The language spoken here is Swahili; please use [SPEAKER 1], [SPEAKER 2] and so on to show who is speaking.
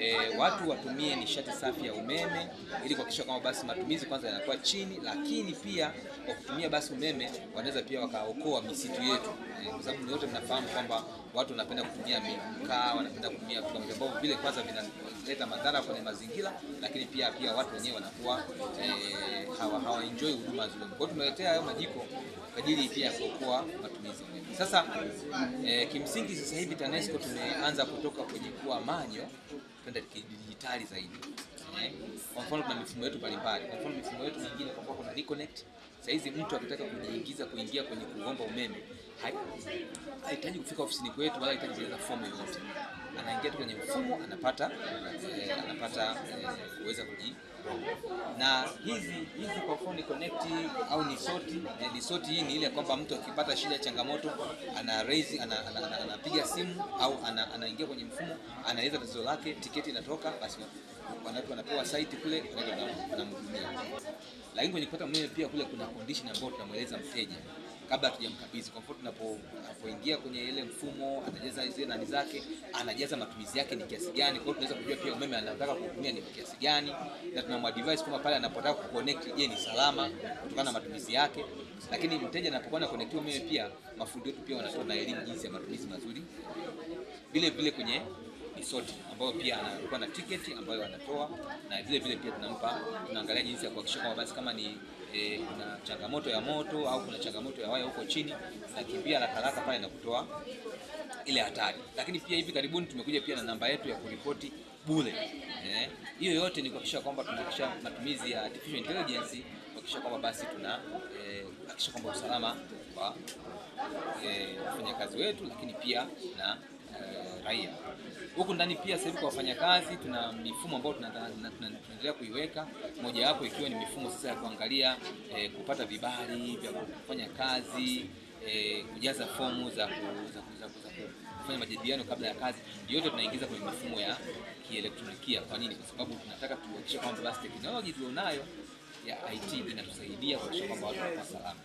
[SPEAKER 1] e, watu watumie nishati safi ya umeme ili kuhakikisha kwamba basi matumizi kwanza yanakuwa chini, lakini pia kwa kutumia basi umeme wanaweza pia wakaokoa misitu yetu e, kwa sababu wote mnafahamu kwamba watu wanapenda kutumia mikaa kuweza kutumia vitu ambavyo vile kwanza vinaleta madhara kwenye mazingira, lakini pia pia watu wenyewe wanakuwa eh, hawa hawa enjoy huduma zile. Kwa hiyo tumeletea hayo majiko kwa ajili pia ya kuokoa matumizi. Sasa eh, kimsingi sasa hivi TANESCO tumeanza kutoka kwenye kuwa manyo kwenda kidijitali zaidi. Eh, kwa mfano tuna mifumo yetu mbalimbali, kwa mfano mifumo yetu mingine kwa kuna reconnect Saizi mtu akitaka kujiingiza kuingia kwenye kuomba umeme hahitaji kufika ofisini kwetu wala hahitaji kujaza fomu yoyote, anaingia tu kwenye mfumo anapata e, anapata e, kuweza kuji na hizi hizi kwa mfano ni connect au ni soti e, eh, ni soti. Hii ni ile kwamba mtu akipata shida changamoto ana raise anapiga ana, ana, ana simu au ana, anaingia kwenye mfumo anaeleza tatizo lake, tiketi inatoka basi wanapewa site kule wanamhudumia. Lakini kwenye kupata umeme pia kule kuna condition ambayo tunamweleza mteja kabla hatujamkabidhi. Kwa mfano, tunapoingia kwenye ile mfumo, anajaza hizo nani zake, anajaza matumizi yake ni kiasi gani. Kwa hiyo tunaweza kujua pia umeme anataka kutumia ni kiasi gani, na device kama pale anapotaka kuconnect, je, ni salama kutokana na matumizi yake. Lakini mteja anapokuwa connect umeme, pia mafundi wetu pia wanatoa na elimu jinsi ya matumizi mazuri, vile vile kwenye Isoti ambayo pia anakuwa na tiketi ambayo anatoa na vile vile pia tunampa, tunaangalia jinsi ya kuhakikisha kwamba basi kama ni e, kuna changamoto ya moto au kuna changamoto ya waya huko chini, tunakimbia haraka haraka pale na kutoa ile hatari. Lakini pia hivi karibuni tumekuja pia na namba yetu ya kuripoti bure. Eh, hiyo yote ni kuhakikisha kwamba tunahakikisha matumizi ya artificial intelligence kuhakikisha kwamba basi tuna eh, kwamba usalama wa e, wafanyakazi wetu, lakini pia na Eh, raia huku ndani. Pia sasa hivi kwa wafanyakazi tuna mifumo ambayo tunaendelea kuiweka, moja wapo ikiwa ni mifumo sasa ya kuangalia eh, kupata vibali vya kufanya kazi eh, kujaza fomu za kufanya majadiliano kabla ya kazi, yote tunaingiza kwenye mifumo ya kielektronikia. Kwa nini? Kwa sababu tunataka tuhakikishe kwamba basi teknolojia tulionayo ya IT inatusaidia kuhakikisha kwamba watu wako salama.